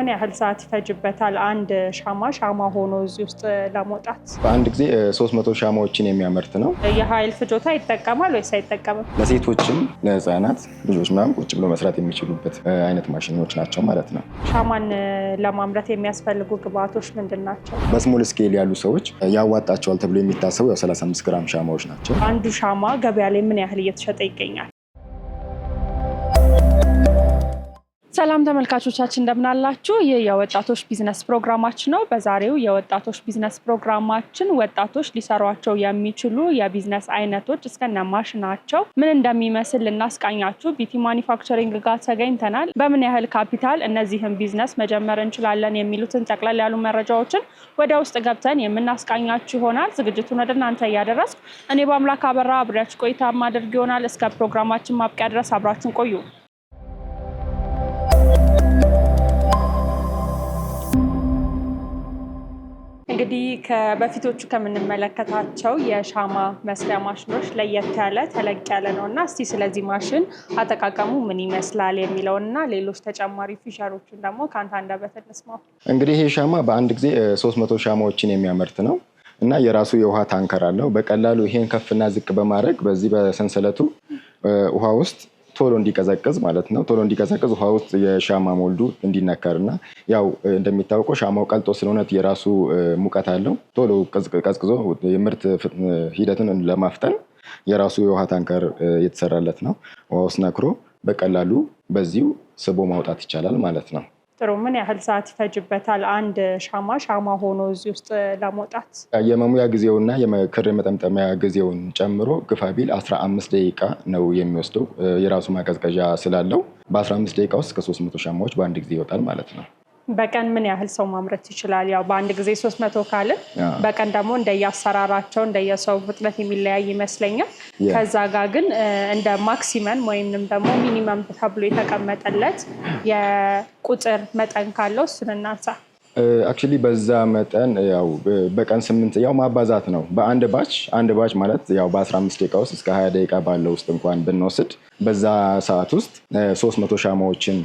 ምን ያህል ሰዓት ይፈጅበታል? አንድ ሻማ ሻማ ሆኖ እዚህ ውስጥ ለመውጣት በአንድ ጊዜ ሶስት መቶ ሻማዎችን የሚያመርት ነው። የኃይል ፍጆታ ይጠቀማል ወይስ አይጠቀምም? ለሴቶችም ለህፃናት ልጆች ምናምን ቁጭ ብሎ መስራት የሚችሉበት አይነት ማሽኖች ናቸው ማለት ነው። ሻማን ለማምረት የሚያስፈልጉ ግብአቶች ምንድን ናቸው? በስሞል ስኬል ያሉ ሰዎች ያዋጣቸዋል ተብሎ የሚታሰቡ ያው 35 ግራም ሻማዎች ናቸው። አንዱ ሻማ ገበያ ላይ ምን ያህል እየተሸጠ ይገኛል? ሰላም ተመልካቾቻችን እንደምናላችሁ። ይህ የወጣቶች ቢዝነስ ፕሮግራማችን ነው። በዛሬው የወጣቶች ቢዝነስ ፕሮግራማችን ወጣቶች ሊሰሯቸው የሚችሉ የቢዝነስ አይነቶች እስከነ ማሽናቸው ምን እንደሚመስል ልናስቃኛችሁ ቢቲ ማኒፋክቸሪንግ ጋር ተገኝተናል። በምን ያህል ካፒታል እነዚህን ቢዝነስ መጀመር እንችላለን የሚሉትን ጠቅለል ያሉ መረጃዎችን ወደ ውስጥ ገብተን የምናስቃኛችሁ ይሆናል። ዝግጅቱን ወደ እናንተ እያደረስኩ እኔ በአምላክ አበራ አብሪያችሁ ቆይታ ማድረግ ይሆናል። እስከ ፕሮግራማችን ማብቂያ ድረስ አብራችሁን ቆዩ። እንግዲህ በፊቶቹ ከምንመለከታቸው የሻማ መስሪያ ማሽኖች ለየት ያለ ተለቅ ያለ ነው እና እስቲ ስለዚህ ማሽን አጠቃቀሙ ምን ይመስላል የሚለውን እና ሌሎች ተጨማሪ ፊቸሮችን ደግሞ ከአንተ አንደበት እንስማው። እንግዲህ ይሄ ሻማ በአንድ ጊዜ ሶስት መቶ ሻማዎችን የሚያመርት ነው እና የራሱ የውሃ ታንከር አለው። በቀላሉ ይሄን ከፍና ዝቅ በማድረግ በዚህ በሰንሰለቱ ውሃ ውስጥ ቶሎ እንዲቀዘቅዝ ማለት ነው። ቶሎ እንዲቀዘቅዝ ውሃ ውስጥ የሻማ ሞልዱ እንዲነከር እና ያው እንደሚታወቀው ሻማው ቀልጦ ስለሆነ የራሱ ሙቀት አለው። ቶሎ ቀዝቅዞ የምርት ሂደትን ለማፍጠን የራሱ የውሃ ታንከር የተሰራለት ነው። ውሃ ውስጥ ነክሮ በቀላሉ በዚሁ ስቦ ማውጣት ይቻላል ማለት ነው። ጥሩ። ምን ያህል ሰዓት ይፈጅበታል አንድ ሻማ ሻማ ሆኖ እዚህ ውስጥ ለመውጣት? የመሙያ ጊዜውና የክር መጠምጠሚያ ጊዜውን ጨምሮ ግፋ ቢል 15 ደቂቃ ነው የሚወስደው። የራሱ ማቀዝቀዣ ስላለው በ15 ደቂቃ ውስጥ ከ300 ሻማዎች በአንድ ጊዜ ይወጣል ማለት ነው። በቀን ምን ያህል ሰው ማምረት ይችላል? ያው በአንድ ጊዜ ሶስት መቶ ካልን በቀን ደግሞ እንደየአሰራራቸው እንደየሰው ፍጥነት የሚለያይ ይመስለኛል። ከዛ ጋር ግን እንደ ማክሲመም ወይም ደግሞ ሚኒመም ተብሎ የተቀመጠለት የቁጥር መጠን ካለው እሱን እናንሳ። አክቹዋሊ በዛ መጠን ያው በቀን ስምንት ያው ማባዛት ነው። በአንድ ባች አንድ ባች ማለት ያው በ15 ደቂቃ ውስጥ እስከ 20 ደቂቃ ባለው ውስጥ እንኳን ብንወስድ በዛ ሰዓት ውስጥ 300 ሻማዎችን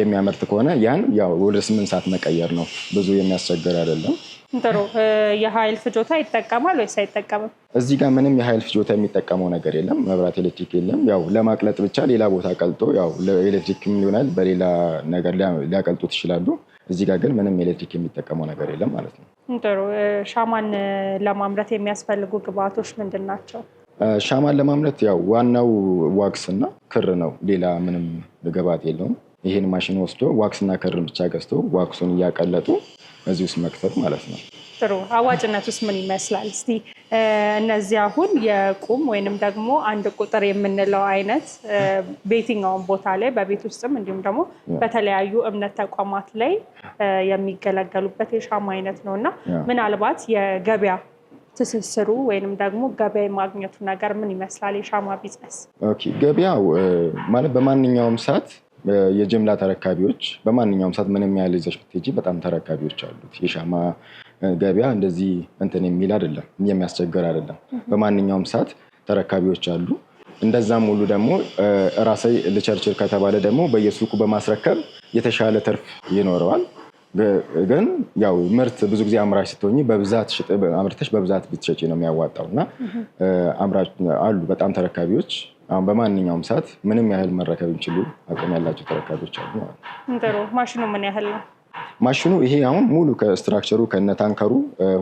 የሚያመርት ከሆነ ያን ያው ወደ ስምንት ሰዓት መቀየር ነው። ብዙ የሚያስቸግር አይደለም። ጥሩ። የሀይል ፍጆታ ይጠቀማል ወይስ አይጠቀምም? እዚህ ጋር ምንም የሀይል ፍጆታ የሚጠቀመው ነገር የለም። መብራት፣ ኤሌክትሪክ የለም። ያው ለማቅለጥ ብቻ ሌላ ቦታ ቀልጦ ያው ኤሌክትሪክም ሊሆናል በሌላ ነገር ሊያቀልጡት ይችላሉ። እዚህ ጋር ግን ምንም ኤሌክትሪክ የሚጠቀመው ነገር የለም ማለት ነው። ጥሩ። ሻማን ለማምረት የሚያስፈልጉ ግብዓቶች ምንድን ናቸው? ሻማን ለማምረት ያው ዋናው ዋክስ እና ክር ነው። ሌላ ምንም ግብአት የለውም። ይህን ማሽን ወስዶ ዋክስና ከርን ብቻ ገዝቶ ዋክሱን እያቀለጡ እዚህ ውስጥ መክተት ማለት ነው። ጥሩ አዋጭነት ውስጥ ምን ይመስላል? እስቲ እነዚህ አሁን የቁም ወይንም ደግሞ አንድ ቁጥር የምንለው አይነት በየትኛውም ቦታ ላይ በቤት ውስጥም እንዲሁም ደግሞ በተለያዩ እምነት ተቋማት ላይ የሚገለገሉበት የሻማ አይነት ነው እና ምናልባት የገበያ ትስስሩ ወይንም ደግሞ ገበያ የማግኘቱ ነገር ምን ይመስላል? የሻማ ቢዝነስ ገበያው ማለት በማንኛውም ሰዓት የጅምላ ተረካቢዎች በማንኛውም ሰዓት ምንም ያህል ይዘሽ ብትሄጂ በጣም ተረካቢዎች አሉት። የሻማ ገበያ እንደዚህ እንትን የሚል አይደለም፣ የሚያስቸግር አይደለም። በማንኛውም ሰዓት ተረካቢዎች አሉ። እንደዛም ሁሉ ደግሞ ራሴ ልቸርችር ከተባለ ደግሞ በየሱቁ በማስረከብ የተሻለ ትርፍ ይኖረዋል። ግን ያው ምርት ብዙ ጊዜ አምራች ስትሆኝ በብዛት አምርተሽ በብዛት ብትሸጪ ነው የሚያዋጣው እና አሉ በጣም ተረካቢዎች አሁን በማንኛውም ሰዓት ምንም ያህል መረከብ የሚችሉ አቅም ያላቸው ተረካቢዎች አሉ ማለት ነው። ጥሩ ማሽኑ ምን ያህል ነው? ማሽኑ ይሄ አሁን ሙሉ ከስትራክቸሩ ከነ ታንከሩ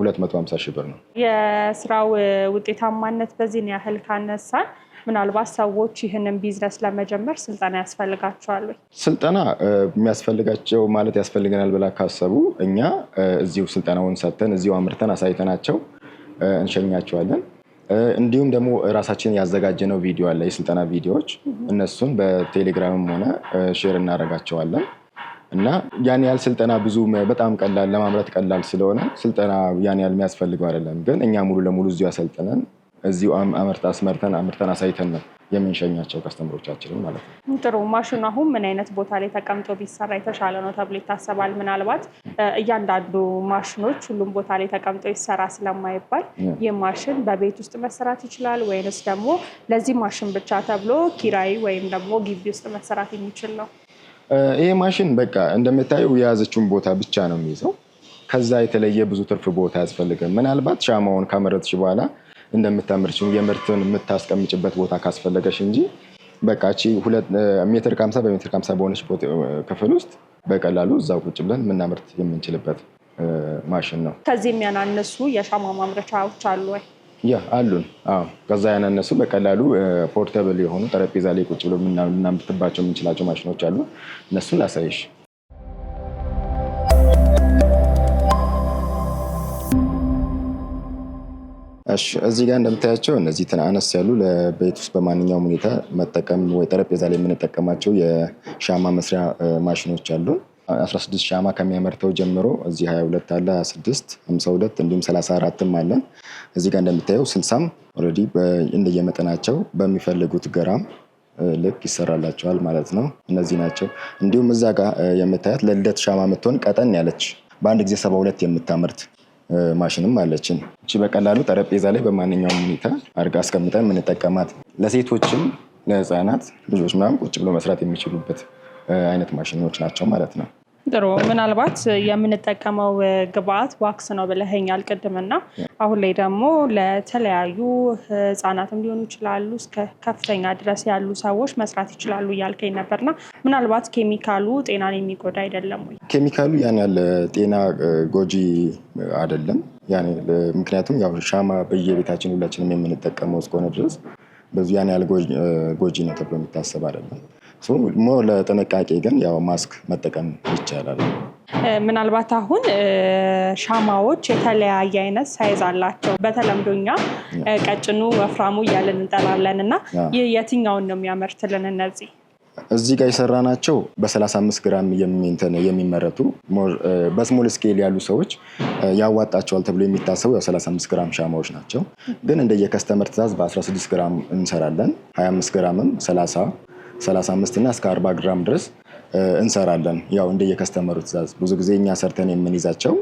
250 ሺህ ብር ነው። የስራው ውጤታማነት በዚህን ያህል ካነሳን ምናልባት ሰዎች ይህንን ቢዝነስ ለመጀመር ስልጠና ያስፈልጋቸዋል ወይ? ስልጠና የሚያስፈልጋቸው ማለት ያስፈልገናል ብላ ካሰቡ እኛ እዚሁ ስልጠናውን ሰጥተን እዚሁ አምርተን አሳይተናቸው እንሸኛቸዋለን። እንዲሁም ደግሞ ራሳችን ያዘጋጀነው ቪዲዮ አለ፣ የስልጠና ቪዲዮዎች እነሱን በቴሌግራምም ሆነ ሼር እናደርጋቸዋለን እና ያን ያህል ስልጠና ብዙ በጣም ቀላል ለማምረት ቀላል ስለሆነ ስልጠና ያን ያህል የሚያስፈልገው አይደለም። ግን እኛ ሙሉ ለሙሉ እዚሁ ያሰልጥነን እዚሁ አመርታ አስመርተን አምርተን አሳይተን ነው የምንሸኛቸው ከስተምሮቻችንን ማለት ነው። ጥሩ ማሽኑ አሁን ምን አይነት ቦታ ላይ ተቀምጦ ቢሰራ የተሻለ ነው ተብሎ ይታሰባል? ምናልባት እያንዳንዱ ማሽኖች ሁሉም ቦታ ላይ ተቀምጦ ይሰራ ስለማይባል ይህ ማሽን በቤት ውስጥ መሰራት ይችላል ወይንስ ደግሞ ለዚህ ማሽን ብቻ ተብሎ ኪራይ ወይም ደግሞ ግቢ ውስጥ መሰራት የሚችል ነው? ይህ ማሽን በቃ እንደምታየው የያዘችውን ቦታ ብቻ ነው የሚይዘው። ከዛ የተለየ ብዙ ትርፍ ቦታ አያስፈልግም። ምናልባት ሻማውን ካመረትሽ በኋላ እንደምታመርች የምርትን የምታስቀምጭበት ቦታ ካስፈለገሽ እንጂ በቃ ሜትር ከሀምሳ በሜትር ከሀምሳ በሆነች ክፍል ውስጥ በቀላሉ እዛው ቁጭ ብለን የምናምርት የምንችልበት ማሽን ነው። ከዚህ የሚያናነሱ የሻማ ማምረቻዎች አሉ ወይ? ያ አሉን። ከዛ ያናነሱ በቀላሉ ፖርተብል የሆኑ ጠረጴዛ ላይ ቁጭ ብሎ ልናምርትባቸው የምንችላቸው ማሽኖች አሉ። እነሱን ላሳይሽ። እሺ እዚህ ጋር እንደምታያቸው እነዚህ አነስ ያሉ ለቤት ውስጥ በማንኛውም ሁኔታ መጠቀም ወይ ጠረጴዛ ላይ የምንጠቀማቸው የሻማ መስሪያ ማሽኖች አሉ። 16 ሻማ ከሚያመርተው ጀምሮ እዚህ 22 አለ፣ 26፣ 52 እንዲሁም 34ም አለን። እዚህ ጋር እንደምታየው 60ም ኦልሬዲ እንደየመጠናቸው በሚፈልጉት ግራም ልክ ይሰራላቸዋል ማለት ነው። እነዚህ ናቸው። እንዲሁም እዛ ጋር የምታያት ለልደት ሻማ የምትሆን ቀጠን ያለች በአንድ ጊዜ ሁለት የምታመርት ማሽንም አለችን። እቺ በቀላሉ ጠረጴዛ ላይ በማንኛውም ሁኔታ አድርጋ አስቀምጠን የምንጠቀማት ለሴቶችም ለህፃናት ልጆች ምናምን ቁጭ ብሎ መስራት የሚችሉበት አይነት ማሽኖች ናቸው ማለት ነው። ጥሩ ምናልባት የምንጠቀመው ግብአት ዋክስ ነው ብለኸኛል ቅድምና አሁን ላይ ደግሞ ለተለያዩ ህጻናትም ሊሆኑ ይችላሉ እስከ ከፍተኛ ድረስ ያሉ ሰዎች መስራት ይችላሉ እያልከኝ ነበርና ምናልባት ኬሚካሉ ጤናን የሚጎዳ አይደለም ወይ? ኬሚካሉ ያን ያለ ጤና ጎጂ አይደለም። ምክንያቱም ያው ሻማ በየቤታችን ሁላችንም የምንጠቀመው እስከሆነ ድረስ በዚህ ያን ያለ ጎጂ ነው ተብሎ የሚታሰብ አይደለም። ለጥንቃቄ ግን ያው ማስክ መጠቀም ይቻላል። ምናልባት አሁን ሻማዎች የተለያየ አይነት ሳይዝ አላቸው። በተለምዶኛ ቀጭኑ፣ ወፍራሙ እያለን እንጠላለን እና ይህ የትኛውን ነው የሚያመርትልን? እነዚህ እዚህ ጋር የሰራ ናቸው በ35 ግራም የሚመረቱ በስሞል ስኬል ያሉ ሰዎች ያዋጣቸዋል ተብሎ የሚታሰቡ ያው 35 ግራም ሻማዎች ናቸው። ግን እንደየከስተመር ትእዛዝ በ16 ግራም እንሰራለን፣ 25 ግራምም፣ 30 35 እና እስከ 40 ግራም ድረስ እንሰራለን። ያው እንደየከስተመሩ ትእዛዝ ብዙ ጊዜ እኛ ሰርተን የምንይዛቸው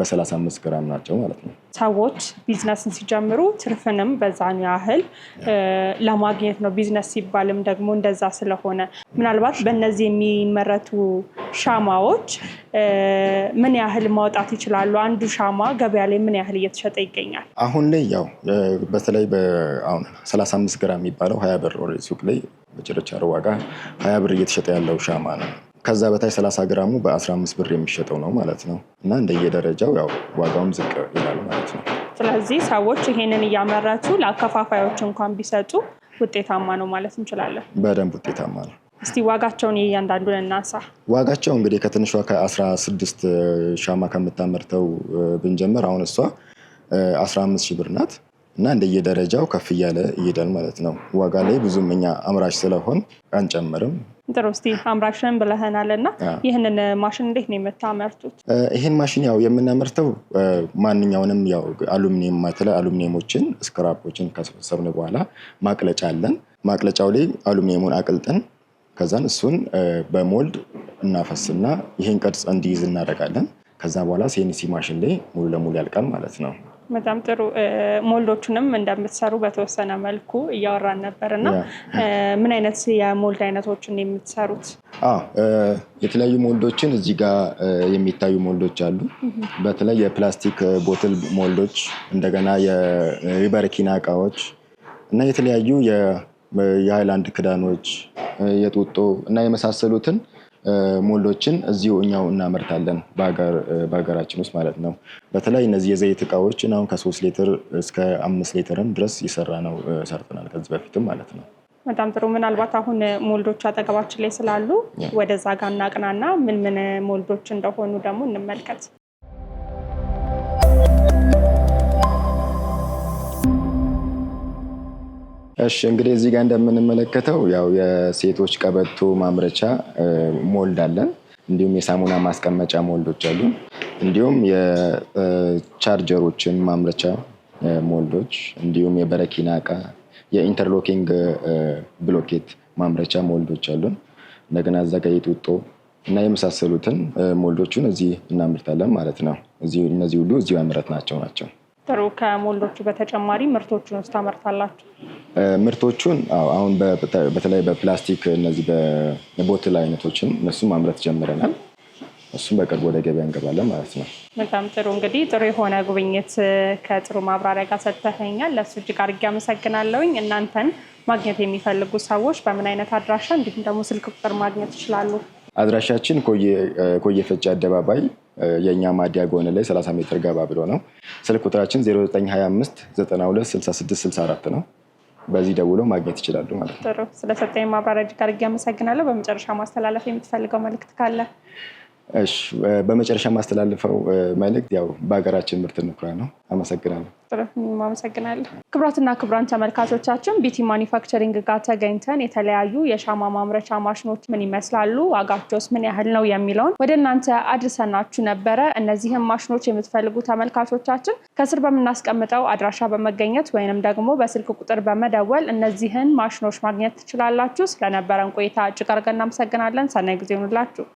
በ35 ግራም ናቸው ማለት ነው። ሰዎች ቢዝነስን ሲጀምሩ ትርፍንም በዛን ያህል ለማግኘት ነው። ቢዝነስ ሲባልም ደግሞ እንደዛ ስለሆነ ምናልባት በእነዚህ የሚመረቱ ሻማዎች ምን ያህል ማውጣት ይችላሉ? አንዱ ሻማ ገበያ ላይ ምን ያህል እየተሸጠ ይገኛል? አሁን ላይ ያው በተለይ አሁን 35 ግራም የሚባለው ሀያ ብር ሱቅ ላይ በችርቻሮ ዋጋ ሀያ ብር እየተሸጠ ያለው ሻማ ነው። ከዛ በታች 30 ግራሙ በ15 ብር የሚሸጠው ነው ማለት ነው። እና እንደየደረጃው ያው ዋጋውም ዝቅ ይላል ማለት ነው። ስለዚህ ሰዎች ይሄንን እያመረቱ ለአከፋፋዮች እንኳን ቢሰጡ ውጤታማ ነው ማለት እንችላለን። በደንብ ውጤታማ ነው። እስቲ ዋጋቸውን እያንዳንዱ እናንሳ። ዋጋቸው እንግዲህ ከትንሿ ከ16 ሻማ ከምታመርተው ብንጀምር አሁን እሷ 15 ሺህ ብር ናት። እና እንደየደረጃው ከፍ እያለ ይሄዳል ማለት ነው። ዋጋ ላይ ብዙም እኛ አምራች ስለሆን አንጨምርም። ጥሩ እስቲ አምራችን ብለህናል እና ይህንን ማሽን እንዴት ነው የምታመርቱት? ይህን ማሽን ያው የምናመርተው ማንኛውንም ያው አሉሚኒየም ማተላይ አሉሚኒየሞችን ስክራፖችን ከሰበሰብን በኋላ ማቅለጫ አለን። ማቅለጫው ላይ አሉሚኒየሙን አቅልጠን ከዛን እሱን በሞልድ እናፈስና ይህን ቅርጽ እንዲይዝ እናደርጋለን። ከዛ በኋላ ሴንሲ ማሽን ላይ ሙሉ ለሙሉ ያልቃል ማለት ነው። በጣም ጥሩ ሞልዶቹንም እንደምትሰሩ በተወሰነ መልኩ እያወራን ነበር እና ምን አይነት የሞልድ አይነቶችን የምትሰሩት? የተለያዩ ሞልዶችን እዚህ ጋር የሚታዩ ሞልዶች አሉ። በተለይ የፕላስቲክ ቦትል ሞልዶች፣ እንደገና የሪበርኪና እቃዎች እና የተለያዩ የሃይላንድ ክዳኖች፣ የጡጦ እና የመሳሰሉትን ሞሎችን እዚሁ እኛው እናመርታለን በሀገራችን ውስጥ ማለት ነው። በተለይ እነዚህ የዘይት እቃዎችን አሁን ከሶስት ሊትር እስከ አምስት ሊትርም ድረስ የሰራ ነው ሰርተናል ከዚህ በፊትም ማለት ነው። በጣም ጥሩ። ምናልባት አሁን ሞልዶች አጠገባችን ላይ ስላሉ ወደዛ ጋር እናቅናና ምን ምን ሞልዶች እንደሆኑ ደግሞ እንመልከት። እሺ እንግዲህ እዚህ ጋር እንደምንመለከተው ያው የሴቶች ቀበቶ ማምረቻ ሞልድ አለን። እንዲሁም የሳሙና ማስቀመጫ ሞልዶች አሉ። እንዲሁም የቻርጀሮችን ማምረቻ ሞልዶች፣ እንዲሁም የበረኪና እቃ፣ የኢንተርሎኪንግ ብሎኬት ማምረቻ ሞልዶች አሉን። እንደገና እዛ ጋር የጡጦ እና የመሳሰሉትን ሞልዶቹን እዚህ እናምርታለን ማለት ነው። እነዚህ ሁሉ እዚሁ ያምረት ናቸው ናቸው ጥሩ። ከሞልዶቹ በተጨማሪ ምርቶቹን ውስጥ ታመርታላችሁ? ምርቶቹን አሁን በተለይ በፕላስቲክ እነዚህ በቦትል አይነቶችን እነሱም ማምረት ጀምረናል። እሱም በቅርብ ወደ ገበያ እንገባለን ማለት ነው። በጣም ጥሩ። እንግዲህ ጥሩ የሆነ ጉብኝት ከጥሩ ማብራሪያ ጋር ሰጥተኸኛል። ለእሱ እጅግ አድርጌ አመሰግናለሁኝ። እናንተን ማግኘት የሚፈልጉ ሰዎች በምን አይነት አድራሻ እንዲሁም ደግሞ ስልክ ቁጥር ማግኘት ይችላሉ? አድራሻችን ኮየ አደባባይ የእኛ ማዲያ ጎን ላይ 30 ሜትር ገባ ብሎ ነው። ስልክ ቁጥራችን 0925 ነው። በዚህ ደውሎ ማግኘት ይችላሉ ማለት ነው። ጥሩ ስለሰጠኝ ማብራሪያ እጅግ አድርጌ አመሰግናለሁ። በመጨረሻ ማስተላለፍ የምትፈልገው መልእክት ካለ በመጨረሻ የማስተላልፈው መልእክት ያው በሀገራችን ምርት እንኩራ ነው። አመሰግናለሁ። አመሰግናለሁ። ክብራትና ክብራን ተመልካቾቻችን ቢቲ ማኒፋክቸሪንግ ጋር ተገኝተን የተለያዩ የሻማ ማምረቻ ማሽኖች ምን ይመስላሉ፣ ዋጋቸውስ ምን ያህል ነው የሚለውን ወደ እናንተ አድርሰናችሁ ነበረ። እነዚህም ማሽኖች የምትፈልጉ ተመልካቾቻችን ከስር በምናስቀምጠው አድራሻ በመገኘት ወይንም ደግሞ በስልክ ቁጥር በመደወል እነዚህን ማሽኖች ማግኘት ትችላላችሁ። ስለነበረን ቆይታ እጅግ አድርገን እናመሰግናለን። ሰናይ ጊዜ ይሁንላችሁ።